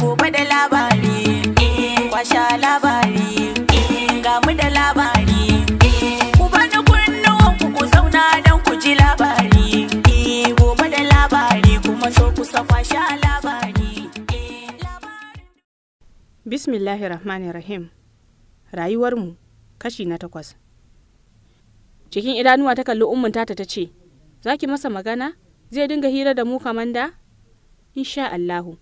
gobe da labari eh, kwasha labari eh, ga mu da labari eh, ku bani kunnuwan ku ku zauna don ku ji labari gobe da labari kuma so ku kwasha labari bismillahir rayuwarmu kashi na takwas cikin idanuwa ta kalli ummin ta ta ce za ki masa magana zai dinga hira da mu kamanda insha Allahu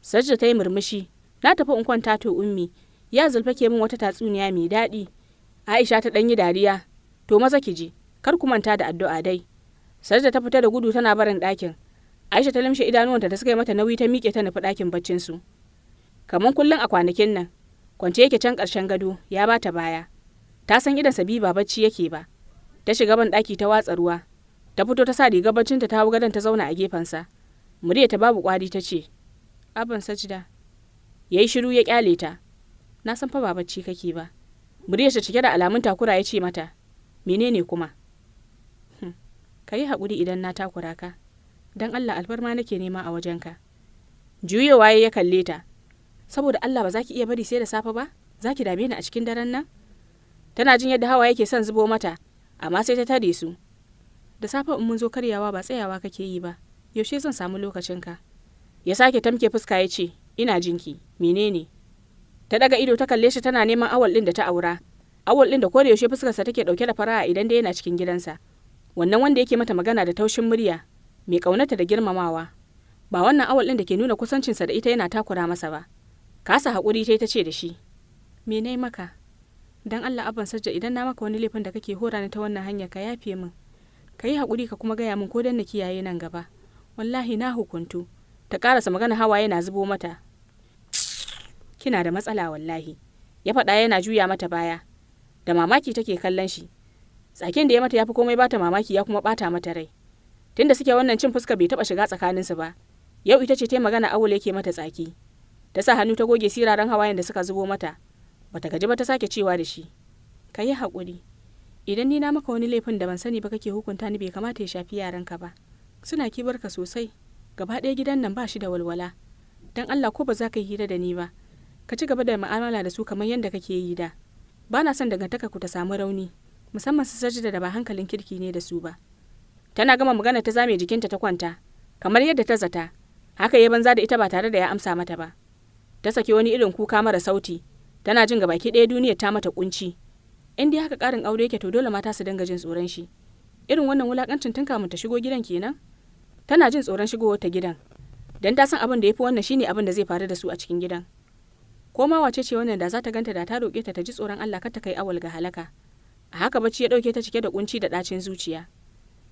Sajda ta yi murmushi. Na tafi in kwanta to ummi. Ya zulfa ke min wata tatsuniya mai daɗi. Aisha ta ɗanyi dariya. To maza ki je. Kar ku manta da addu'a dai. Sajda ta fita da gudu tana barin ɗakin. Aisha ta limshe idanuwanta da suka yi mata nauyi ta miƙe ta nufi ɗakin baccinsu. Kamar kullum a kwanakin nan, kwance yake can ƙarshen gado ya ba ta baya. Ta san idan sabi ba bacci yake ba. Ta shiga ban ɗaki ta watsa ruwa. Ta fito ta sa rigar baccinta ta hau gadon ta zauna a gefensa. Murya ta babu ƙwari ta ce, abin sajida ya yi shiru ya kyale ta. Na san fa ba bacci kake ba. Muryarta cike da alamun takura ya ce mata, menene kuma? Hm, ka yi haƙuri idan na takura ka, don Allah alfarma nake nema a wajen ka. Juyowa ya kalle ta, saboda Allah ba za ki iya bari sai da safe ba, za ki dame ni a cikin daren nan? Tana jin yadda hawa yake son zubo mata, amma sai ta tare su. Da safe in mun zo karyawa ba tsayawa kake yi ba, yaushe zan samu lokacinka? ya sake tamke fuska ya ce ina jinki menene ta daga ido ta kalle shi tana neman awal din da ta aura awal din da ko da yaushe fuskarsa take dauke da fara'a idan dai yana cikin gidansa wannan wanda yake mata magana da taushin murya mai kaunata da girmamawa ba wannan awal din da ke nuna kusancinsa da ita yana takura masa ba kasa hakuri ta ta ce da shi me maka dan Allah abban sajja idan na maka wani laifin da kake hora ni ta wannan hanya ka yafe min ka yi haƙuri ka kuma gaya min ko dan na kiyaye nan gaba wallahi na hukuntu ta karasa magana hawa yana zubo mata kina da matsala wallahi ya faɗa yana juya mata baya da mamaki take kallon shi tsakin da ya mata ya fi komai bata mamaki ya kuma bata mata rai tunda suke wannan cin fuska bai taba shiga tsakaninsu ba yau ita ce ta magana awul yake mata tsaki ta sa hannu ta goge siraran hawayen da suka zubo mata bata gaji ba ta sake cewa da shi ka yi haƙuri idan ni na maka wani laifin da ban sani ba kake hukunta ni bai kamata ya shafi yaranka ba suna kibarka sosai gaba ɗaya gidan nan ba shi da walwala don allah ko ba za ka yi hira da ni ba ka ci gaba da mu'amala da su kamar yadda kake yi da ba na son dangantaka ku ta samu rauni musamman su sajida da ba hankalin kirki ne da su ba tana gama magana ta zame jikinta ta kwanta kamar yadda ta zata haka ya banza da ita ba tare da ya amsa mata ba ta saki wani irin kuka mara sauti tana jin gabaki ɗaya duniya ta mata kunci in dai haka ƙarin aure yake to dole mata su dinga jin tsoron shi irin wannan wulakancin tun kamun ta shigo gidan kenan tana jin tsoron shigowar ta gidan dan ta san abin da yafi wannan shine abin da zai faru da su a cikin gidan ko ma wace ce wannan da za ta ganta da ta roƙe ta ta ji tsoron Allah kar ta kai awal ga halaka a haka bacci ya dauke ta cike da kunci da dacin zuciya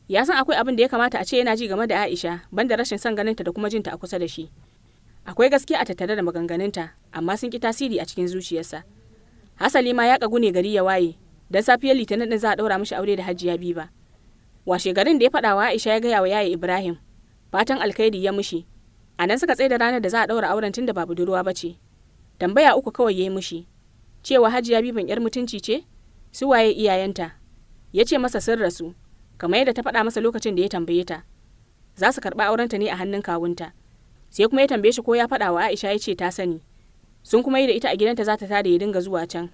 ya san akwai abin da ya kamata a ce yana ji game da Aisha banda rashin son ganinta da kuma jinta a kusa da shi akwai gaskiya a tattare da maganganunta amma sun ki tasiri a cikin zuciyarsa hasali ma ya kagu ne gari ya waye dan safiyar litinin din za a daura mishi aure da hajiya biba washe garin da ya faɗawa wa Aisha ya gaya wa yaya Ibrahim fatan alkhairi ya mushi a nan suka tsaye da ranar da za a ɗaura auren tun da ba budurwa ba ce tambaya uku kawai ya yi mushi cewa hajiya biban yar mutunci ce su waye iyayenta ya ce masa sun rasu kamar yadda ta faɗa masa lokacin da ya tambaye ta za su karɓa aurenta ne a hannun kawunta sai kuma ya tambaye shi ko ya faɗa wa aisha ya ce ta sani sun kuma yi da ita a gidanta za ta tada ya dinga zuwa can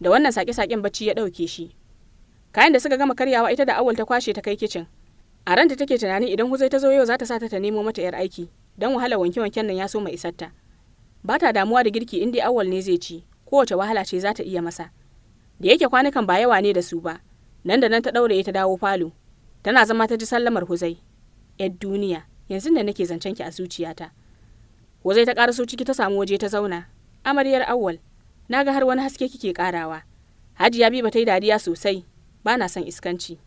da wannan sake-saken bacci ya ɗauke shi kayan da suka gama karyawa ita da awal ta kwashe ta kai kicin a ranta take tunanin idan huzai ta zo yau za ta sa ta nemo mata yar aiki don wahala wanke-wanken nan ya so mai isarta. ba ta damuwa da girki inda awwal ne zai ci kowace wahala ce za ta iya masa da yake kwanukan ba yawa ne da su ba nan da nan ta ɗaure ta dawo falo tana zama ta ji sallamar huzai yar duniya yanzu da nake zancen ki a zuciyata huzai ta so ciki ta samu waje ta zauna amaryar awal na ga har wani haske kike ƙarawa hajiya bi ba ta yi dariya sosai ba na son iskanci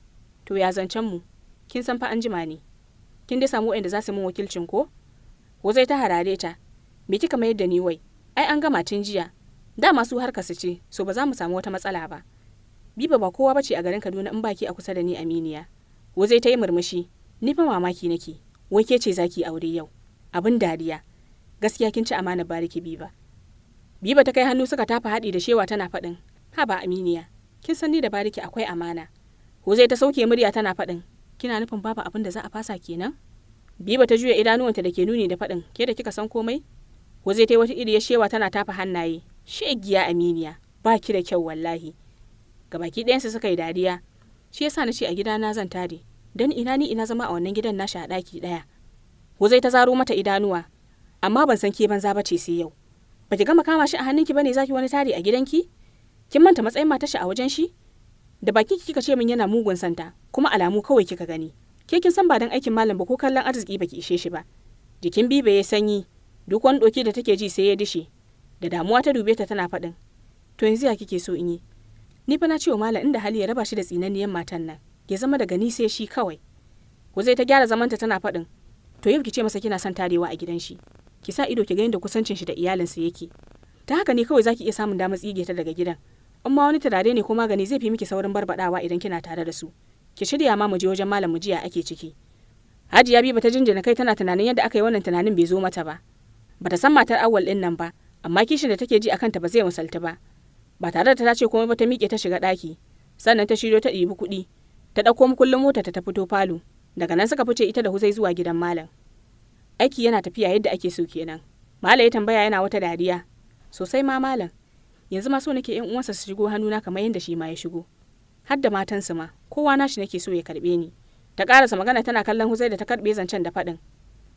to ya zancen mu kin san fa an jima ne kin dai samu wa'anda za su min wakilcin ko zai ta harare ta me kika mayar da ni wai ai an gama tun jiya dama su harka su ce so ba za mu samu wata matsala ba biba ba kowa bace a garin kaduna in baki a kusa da ni aminiya zai ta yi murmushi ni fa mamaki nake wai ke ce zaki aure yau abin dariya gaskiya kin ci amana bariki biba biba ta kai hannu suka tafa haɗi da shewa tana faɗin ha aminiya kin san ni da bariki akwai amana ko zai ta sauke murya tana faɗin kina nufin babu abin da za a fasa kenan biba ta juya idanuwanta da ke nuni da faɗin ke da kika san komai ko zai ta wata iri ya shewa tana tafa hannaye shegiya aminiya ba ki da kyau wallahi gabaki ɗayansu suka yi dariya shi yasa na ce a gida na zan tare dan ina ni ina zama a wannan gidan nashi a ɗaki ɗaya ko zai ta zaro mata idanuwa amma ban san ke banza ba ce sai yau ba ki gama kama shi a hannunki bane zaki wani tare a gidanki kin manta matsayin matar shi a wajen shi da bakin kika ce min yana mugun santa kuma alamu kawai kika gani ke kin san ba dan aikin malam ba ko kallon arziki baki ishe shi ba jikin bibe ya sanyi duk wani doki da take ji sai ya dishe da damuwa ta dube ta tana faɗin to yanzu ya kike so in yi ni fa na ce wa malam inda hali ya raba shi da tsinanniyan matan nan ya zama daga ni sai shi kawai ku zai ta gyara zamanta tana faɗin to yau ki ce masa kina son tarewa a gidan shi ki sa ido ki ga yadda kusancin shi da iyalinsa yake ta haka ne kawai zaki iya samun damar tsige ta daga gidan in ma wani turare ne ko magani zai fi miki saurin barbadawa idan kina tare da su ki shirya ma mu je wajen malam mu jiya ake ciki hajiya bi bata jinjina kai tana tunanin yadda aka yi wannan tunanin bai zo mata ba bata san matar awwal din nan ba amma kishin da take ji akan ta ba zai misalta ba ba tare da ta ce komai ba ta miƙe ta shiga ɗaki sannan ta shiryo ta ɗibi kuɗi ta ɗauko mukullin mota ta fito falo daga nan suka fice ita da huzai zuwa gidan malam aiki yana tafiya yadda ake so kenan malam ya tambaya yana wata dariya sosai ma malam yanzu ma so nake yan uwansa su shigo hannuna kamar yadda shi ma ya shigo har da matansa ma kowa shi nake so ya karbe ni ta karasa magana tana kallon huzai da ta karbe zancen da faɗin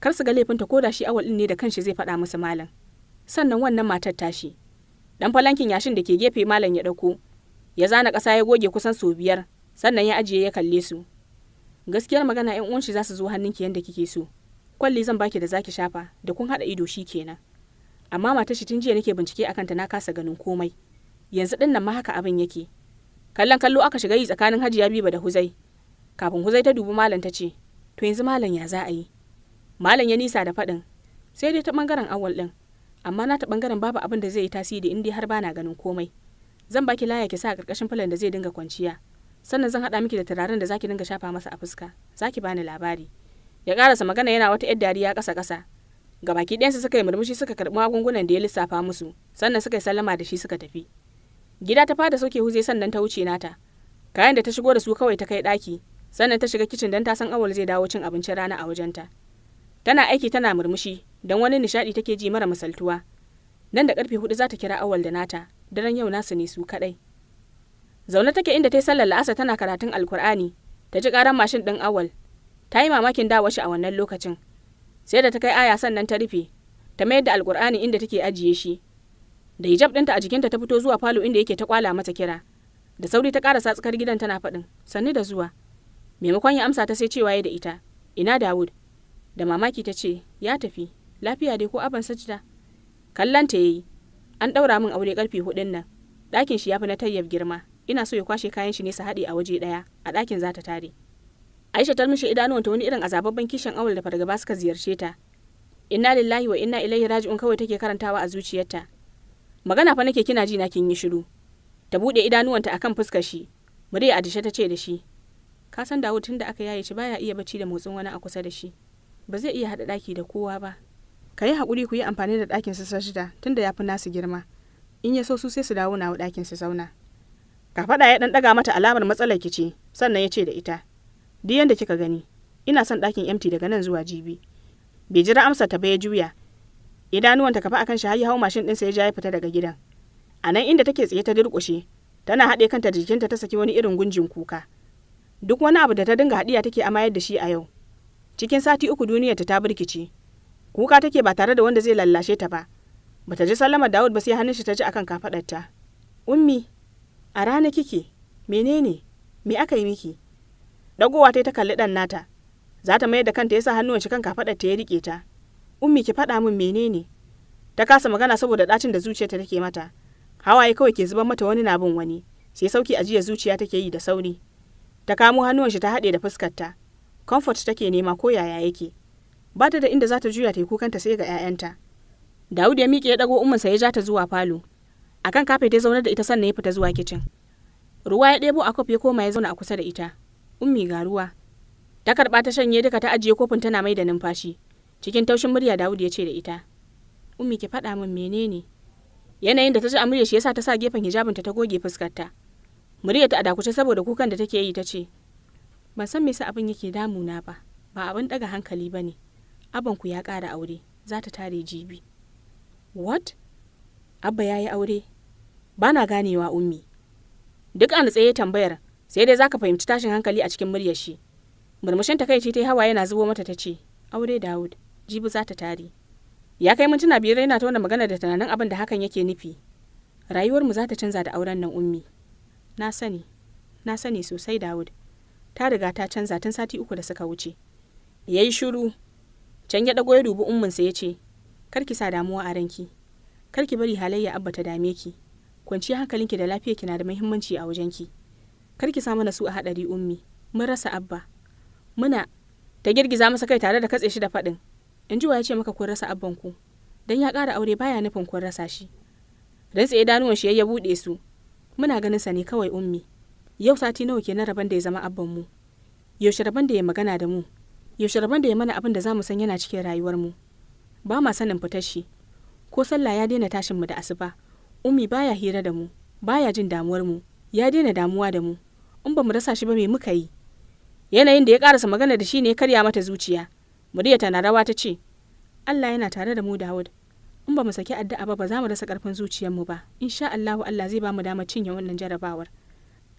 kar su ga laifinta ko da shi awal din ne da kanshi zai faɗa musu malam sannan wannan matar tashi dan falankin yashin da ke gefe malam ya ɗauko ya zana ƙasa ya goge kusan sau biyar sannan ya ajiye ya kalle su gaskiyar magana yan uwan shi za su zo hannunki yadda kike so kwalli zan baki da zaki shafa da kun haɗa ido shi kenan amma matar shi tun jiya nake bincike akan ta na kasa ganin komai yanzu din nan ma haka abin yake kallon kallo aka shiga yi tsakanin hajiya biba da huzai kafin huzai ta dubi malam ta ce to yanzu malam ya za a yi malam ya nisa da faɗin sai dai ta bangaren awal din amma na ta bangaren babu abin da zai yi tasiri in dai har bana ganin komai zan baki laya ki sa a karkashin filan da zai dinga kwanciya sannan zan haɗa miki da turaren da zaki dinga shafa masa a fuska zaki bani labari ya karasa magana yana wata yar dariya kasa-kasa. ga baki ɗayansu suka yi murmushi suka karɓi magungunan da ya lissafa musu sannan suka yi sallama da shi suka tafi gida ta fada soke huze sannan ta wuce nata kayan da ta shigo da su kawai ta kai ɗaki sannan ta shiga kicin don ta san awal zai dawo cin abincin rana a wajenta tana aiki tana murmushi don wani nishaɗi take ji mara misaltuwa nan da karfe hudu za ta kira awal da nata daren yau nasu ne su kaɗai zaune take inda ta yi sallar la'asa tana karatun alkur'ani ta ji karan mashin ɗin awal ta yi mamakin dawashi a wannan lokacin sai da ta kai aya sannan ta rufe ta mayar da alkur'ani inda take ajiye shi da hijab ɗinta a jikinta ta fito zuwa falo inda yake ta kwala mata kira da sauri ta ƙarasa tsakar gidan tana faɗin sannu da zuwa maimakon ya amsa ta sai cewa ya da ita ina dawud da mamaki ta ce ya tafi lafiya dai ko aban sajida kallon ta yayi an ɗaura min aure karfe huɗun nan ɗakin shi ya fi na tayyab girma ina so ya kwashe kayan shi ne su haɗe a waje ɗaya a ɗakin za ta tare Aisha ta mishi idanuwanta wani irin azababban kishin awal da fargaba suka ziyarce ta. Inna lillahi wa inna ilaihi raji'un kawai take karantawa a zuciyarta. Magana fa nake kina ji na kin yi shiru. Ta bude idanuwanta akan fuskar shi. Murya a dishe ta ce da shi. Ka san Dawud tunda aka yaye shi baya iya bacci da motsin wani a kusa da shi. Ba zai iya hada ɗaki da kowa ba. Ka yi hakuri ku yi amfani da ɗakin su shida tunda ya fi nasu girma. In ya so su sai su dawo nawa dakin su zauna. Ka faɗa ya ɗan ɗaga mata alamar matsalar kici sannan ya ce da ita. duk yadda kika gani ina son ɗakin MT daga nan zuwa jibi bai jira amsa ta ba ya juya idanuwanta kafa akan shi har hau mashin ɗinsa ya ja ya fita daga gidan a nan inda take tsaye ta durƙushe tana haɗe kanta da jikinta ta saki wani irin gunjin kuka duk wani abu da ta dinga haɗiya take a amayar da shi a yau cikin sati uku duniyarta ta birkice kuka take ba tare da wanda zai lallashe ta ba bata ji sallama Dawud ba sai hannun shi ta ji akan kafaɗarta ummi a rana kike menene me aka yi miki dagowa ta ta kalli dan nata za ta mayar da kanta yasa hannuwan shi kan kafadar ta ya rike ta ummi ki faɗa min menene ta kasa magana saboda ɗacin da zuciyarta take mata hawaye kawai ke zuban mata wani na bin wani sai sauki jiya zuciya take yi da sauri ta kamo hannuwan shi ta haɗe da fuskarta comfort take nema ko yaya yake ba ta da inda za ta juya ta yi ta sai ga 'ya'yanta Dawud ya miƙe ya ɗago sa ya ja ta zuwa falo akan kafe ta zaunar da ita sannan ya fita zuwa kicin ruwa ya ɗebo a kofi ya koma ya zauna a kusa da ita ummi ga ruwa ta karɓa ta shanye duka ta ajiye kofin tana mai da numfashi cikin taushin murya dawud ya ce da ita ummi ki faɗa min menene yanayin da ta ji a murya shi yasa ta sa gefen hijabinta ta goge fuskarta murya ta a saboda kukan da take yi ta ce ban san me yasa abin yake damuna ba ba abin daga hankali ba ne ku ya ƙara aure za ta tare jibi what abba ya yi aure ba na ganewa ummi duk an tsaye tambayar sai dai zaka fahimci tashin hankali a cikin muryar shi murmushin takaici ta hawa yana zubo mata ta ce aure dawud jibi za ta tare ya kai mintuna biyar yana tona magana da tunanin abin da hakan yake nufi rayuwarmu za ta canza da auren nan ummi na sani na sani sosai dawud ta riga ta canza tun sati uku da suka wuce ya yi shuru can ya ɗago ya dubi sa ya ce kar ki sa damuwa a ranki kar ki bari halayya abba ta dame ki kwanciyar hankalinki da lafiyarki na da muhimmanci a wajenki kar ki sa mana su a haɗari ummi mun rasa abba muna ta girgiza masa kai tare da katse shi da faɗin in ya ce maka kun rasa abban ku dan ya kara aure baya nufin kun rasa shi tsaye danuwan shi ya buɗe su muna ganin sa ne kawai ummi yau sati nawa kenan raban da ya zama abban mu yaushe rabon da ya magana da mu yaushe rabon da ya mana abin da zamu san yana cikin rayuwar mu ba ma sanin fitar shi ko sallah ya daina tashin mu da asuba ummi baya hira da mu baya jin damuwar mu ya daina damuwa da mu in ba mu rasa shi ba me muka yi yanayin da ya karasa magana da shi ne karya mata zuciya muryata tana rawa ta ce Allah yana tare da mu Dawud in ba mu saki addu'a ba ba za mu rasa karfin zuciyar mu ba insha Allahu Allah zai ba mu damar cinye wannan jarabawar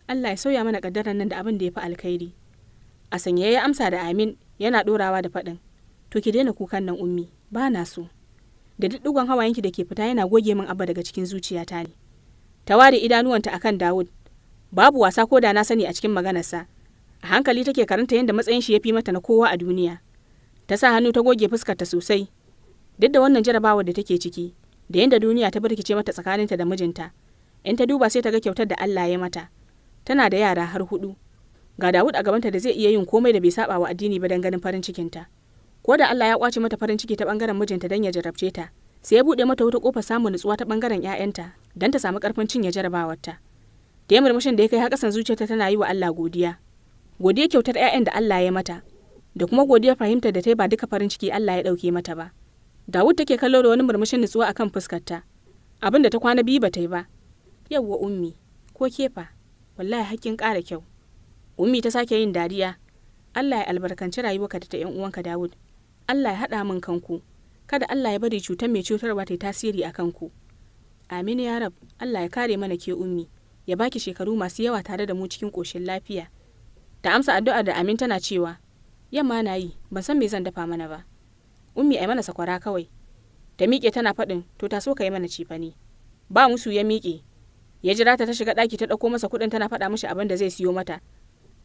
Allah ya sauya mana kaddarar nan da abin da ya fi alkhairi a sanye ya amsa da amin yana dorawa da faɗin to ki daina kukan nan ummi ba na so da diddigon hawayenki da ke fita yana goge min abba daga cikin zuciyata ne ta ware idanuwanta akan Dawud babu wasa ko da na sani a cikin maganarsa a hankali take karanta yadda matsayin shi ya fi mata na kowa a duniya ta sa hannu ta goge fuskarta sosai duk da wannan jarabawar da take ciki da yadda duniya ta birkice mata tsakaninta da mijinta in ta duba sai ta ga kyautar da Allah ya mata tana da yara har hudu ga Dawud a gabanta da zai iya yin komai da bai saba wa addini ba dan ganin farin cikinta ko da Allah ya kwace mata farin ciki ta bangaren mijinta dan ya jarabce ta sai ya bude mata wata kofar samun nutsuwa ta bangaren 'ya'yanta dan ta samu karfin cinye jarabawarta da ya murmushin da ya kai har zuciyarta tana yi wa Allah godiya godiya kyautar 'ya'yan da Allah ya mata da kuma godiya fahimtar da ta yi ba duka farin ciki Allah ya ɗauke mata ba Dawud take kallo da wani murmushin nutsuwa akan fuskarta abin da ta kwana biyu ba ta yi ba yawwa ummi ko kefa wallahi hakkin ƙara kyau ummi ta sake yin dariya Allah ya albarkanci rayuwarka da ta 'yan uwanka Dawud Allah ya haɗa min kanku kada Allah ya bari cutar mai cutarwa ta tasiri a kanku. Amin ya rab, Allah ya kare mana ke ummi. ya baki shekaru masu yawa tare da mu cikin ƙoshin lafiya. Ta amsa Addu'a da Amin tana cewa, yamma na yi, ban san me zan dafa mana ba. Ummi ai mana sakwara kawai. Ta miƙe tana faɗin, to ta so ka yi mana cifane. Ba musu ya miƙe. Ya jira ta ta shiga ɗaki ta ɗauko masa kuɗin tana faɗa mishi abin da zai siyo mata.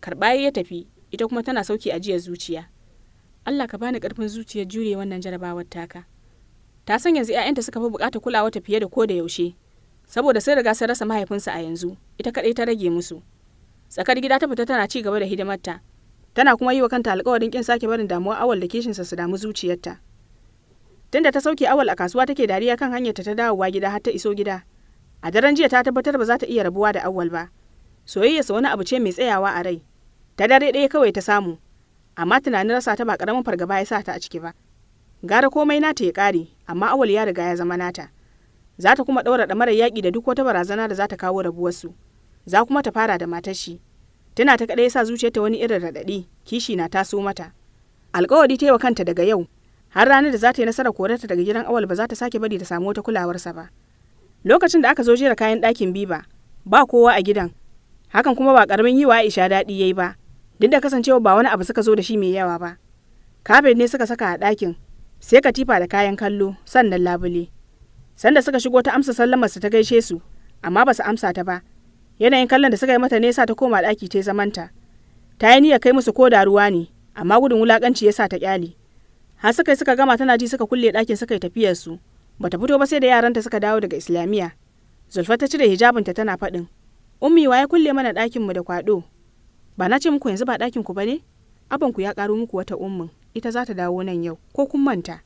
Karɓa ya tafi, ita kuma tana sauki ajiyar zuciya. Allah ka bani ƙarfin zuciyar jure wannan jarabawar taka. Ta san yanzu 'ya'yanta suka fi buƙatar kulawa ta fiye da ko da yaushe. saboda sun riga sun rasa mahaifinsa a yanzu ita kaɗai ta rage musu tsakar gida ta fita tana ci gaba da hidimarta tana kuma yi wa kanta alkawarin kin sake barin damuwa awal da kishinsa su damu zuciyarta tunda ta sauke awal a kasuwa take dariya kan hanyarta ta dawowa gida har ta iso gida a daren jiya ta tabbatar ba za ta iya rabuwa da awal ba soyayyarsa wani abu ce mai tsayawa a rai ta dare ɗaya kawai ta samu amma tunanin rasa ta ba ƙaramin fargaba ya sa ta a ciki ba gara komai nata ya ƙare amma awal ya riga ya zama nata za ta kuma ɗaura ɗamarar yaƙi da duk wata barazana da za ta kawo rabuwarsu za kuma ta fara da matashi. shi tana ta kaɗai sa zuciyarta wani irin raɗaɗi kishi na taso mata alƙawari ta yi wa kanta daga yau har ranar da za ta yi nasarar korarta daga gidan awal ba za ta sake bari ta samu wata kulawarsa ba lokacin da aka zo jera kayan ɗakin biba ba kowa a gidan hakan kuma ba ƙaramin yi wa aisha daɗi yi ba duk da kasancewa ba wani abu suka zo da shi mai yawa ba kafin ne suka saka a ɗakin sai katifa da kayan kallo sannan labule Sanda suka shigo ta amsa sallamar su ta gaishe su, amma ba su amsa ta ba. Yanayin kallon da suka yi mata nesa ta koma ɗaki ta zamanta. Ta yi niyyar kai musu ko da ruwa ne, amma gudun wulakanci ya sa ta kyale. Har suka yi suka gama tana ji suka kulle ɗakin suka yi tafiyar su. Bata fito ba sai da yaranta suka dawo daga Islamiyya. Zulfa ta cire hijabinta tana faɗin. Ummi wa ya kulle mana mu da kwaɗo. Ba na ce muku yanzu ba ɗakin ku ba ne? ku ya ƙaro muku wata ummin, ita za ta dawo nan yau, ko kun manta.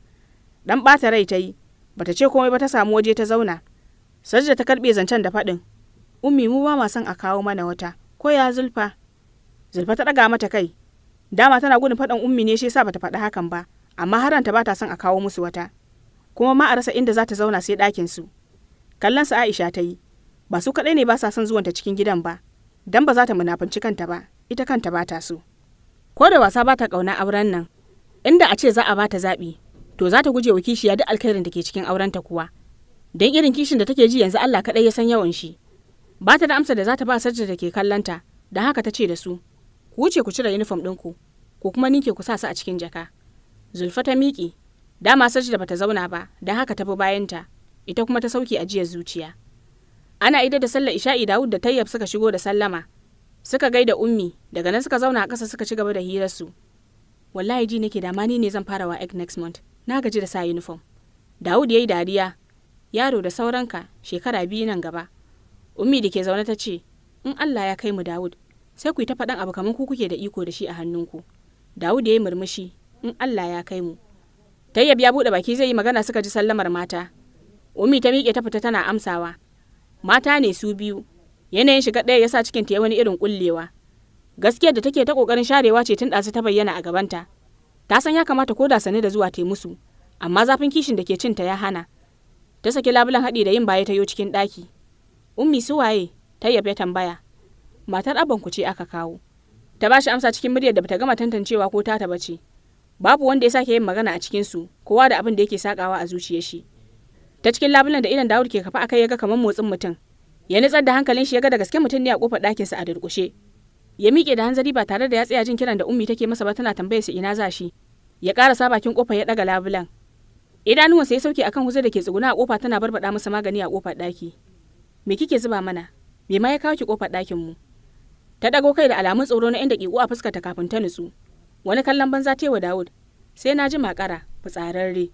Dan ɓata rai ta yi, bata ce komai ba ta samu waje ta zauna sajda ta karbe zancen da faɗin ummi mu ba ma son a kawo mana wata ko ya zulfa zulfa ta ɗaga mata kai dama tana gudun faɗan ummi ne shi yasa bata faɗi hakan ba amma haranta ta son a kawo musu wata kuma ma a rasa inda za ta zauna sai ɗakin su kallon su Aisha ta yi ba su kaɗai ne ba sa son zuwanta cikin gidan ba dan ba za ta munafunci kanta ba ita kanta ba ta so ko da wasa ba ta ƙauna auren nan inda a ce za a ba ta zaɓi to za ta guje wa kishiya duk alkhairin da ke cikin aurenta kuwa don irin kishin da take ji yanzu Allah kaɗai ya san yawan shi ba ta da amsa da za ta ba sarja da ke kallanta da haka ta ce da su ku wuce ku cire uniform ɗinku ko kuma ninke ku sa su a cikin jaka zulfa ta miƙe dama sarja da bata zauna ba da haka ta bi bayanta ita kuma ta sauke ajiyar zuciya ana ida da sallar isha'i dawud da tayyab suka shigo da sallama suka gaida ummi daga nan suka zauna a ƙasa suka ci gaba da hirarsu wallahi ji nake da mani ne zan fara wa egg next month na gaji da sa uniform Dawud ya yi dariya yaro da sauranka shekara biyu nan gaba Ummi da ke zaune ta ce in Allah ya kai mu Dawud sai ku yi ta faɗan abu kamar ku kuke da iko da shi a hannunku Dawud ya yi murmushi in Allah ya kai mu Tayyab ya buɗe baki zai yi magana suka ji sallamar mata Ummi ta miƙe ta fita tana amsawa mata ne su biyu yanayin shiga ɗaya ya sa cikinta ta wani irin ƙullewa. gaskiyar da take ta ƙoƙarin sharewa ce tun ɗazu ta bayyana a gabanta ta san ya kamata ko da sane da zuwa ta musu amma zafin kishin da ke cin ta ya hana ta saki labulan haɗi da yin baya ta yo cikin ɗaki ummi su waye tayyab ya tambaya matar abban ku ce aka kawo ta ba shi amsa cikin muryar da bata gama tantancewa ko ta taba ce. babu wanda ya sake yin magana a cikin su kowa da abin da yake sakawa a zuciyar shi ta cikin labulan da idan Dawud ke kafa akai ya ga kamar motsin mutum ya nitsar da hankalin shi ya ga da gaske mutum ne a kofar sa a durkushe. ya miƙe da hanzari ba tare da ya tsaya jin kiran da ummi take masa ba tana tambayar sa ina za shi ya karasa bakin kofa ya daga labulan idanuwansa ya sauke akan kusa da ke tsuguna a kofa tana barbada masa magani a kofar ɗaki me kike zuba mana me ma ya kawo ki kofar ɗakin mu ta dago kai da alamun tsoro na inda kiku a ta kafin ta nutsu wani kallon banza wa Dawud sai na ji makara fitsararre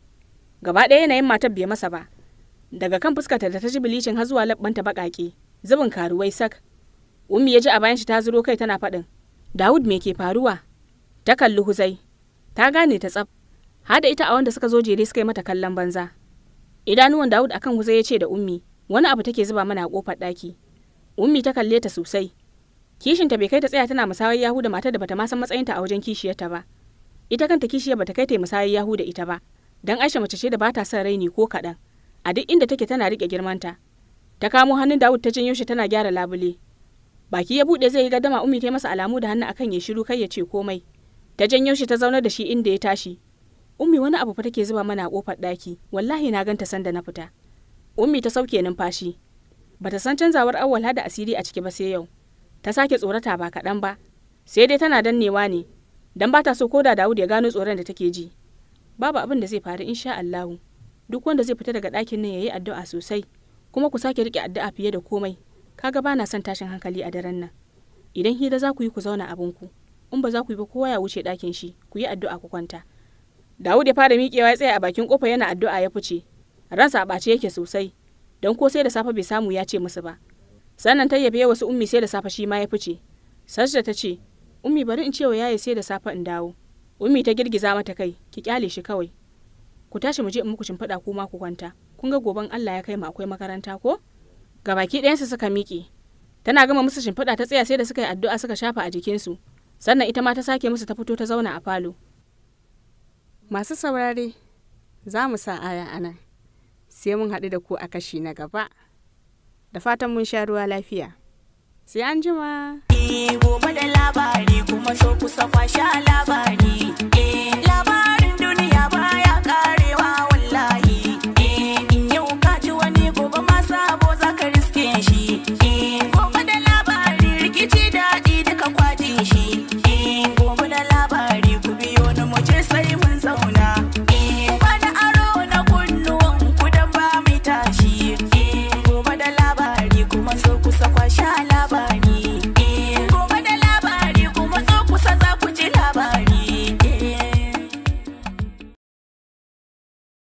gaba ɗaya yanayin matar bai masa ba daga kan fuskarta da ta ji bilicin har zuwa ta baƙaƙe zubin karuwai sak Ummi ya ji a bayan shi ta zuro kai tana faɗin. Dawud me ke faruwa? Ta kalli Huzai. Ta gane ta tsaf. Hada ita a wanda suka zo jere suka yi mata kallon banza. Idanuwan Dawud akan Huzai ya ce da Ummi, wani abu take zuba mana a kofar ɗaki. Ummi ta kalle ta sosai. Kishinta bai kai ta tsaya tana musayar Yahu da matar da bata ma san matsayinta a wajen kishiyarta ba. Ita kanta kishiyar bata kai ta musayar Yahu da ita ba. Dan Aisha mace ce da bata son raini ko kaɗan. A duk inda take tana riƙe girmanta. Ta kamo hannun Dawud ta janyo shi tana gyara labule. baki ya bude zai yi gadama ummi ta masa alamu da hannu akan ya shiru kai ya ce komai ta janyo shi ta zaunar da shi inda ya tashi ummi wani abu fa take zuba mana a kofar daki wallahi na ganta sanda na fita ummi ta sauke numfashi bata san canzawar awwala da asiri a ciki ba sai yau ta sake tsorata ba kaɗan ba sai dai tana dannewa ne dan bata so koda Dawud ya gano tsoron da take ji babu abin da zai faru insha Allahu duk wanda zai fita daga ɗakin nan yayi addu'a sosai kuma ku sake rike addu'a fiye da komai kaga ba na son tashin hankali a daren nan idan hira za ku yi ku zauna abinku in ba za ku yi ba kowa ya wuce ɗakin shi ku yi addu'a ku kwanta Dawud ya fara miƙewa ya tsaya a bakin kofa yana addu'a ya fice ransa a ɓace yake sosai don ko sai da safe bai samu ya ce musu ba sannan ta yabe wasu ummi sai da safe shi ma ya fice sajda ta ce ummi bari in cewa yaye sai da safe in dawo ummi ta girgiza mata kai ki kyale shi kawai ku tashi mu je in muku shimfiɗa ku ma ku kwanta kun ga goben Allah ya kai mu akwai makaranta ko ɗayan su suka miƙe. Tana gama musu shimfiɗa ta tsaya sai da suka yi addu'a suka shafa a jikin su Sannan ita ma ta sake musu ta fito ta zauna a falo. Masu saurare, za mu sa aya a nan. Sai mun haɗu da ku a kashi na gaba. Da fatan mun sha ruwa lafiya. Sai an jima.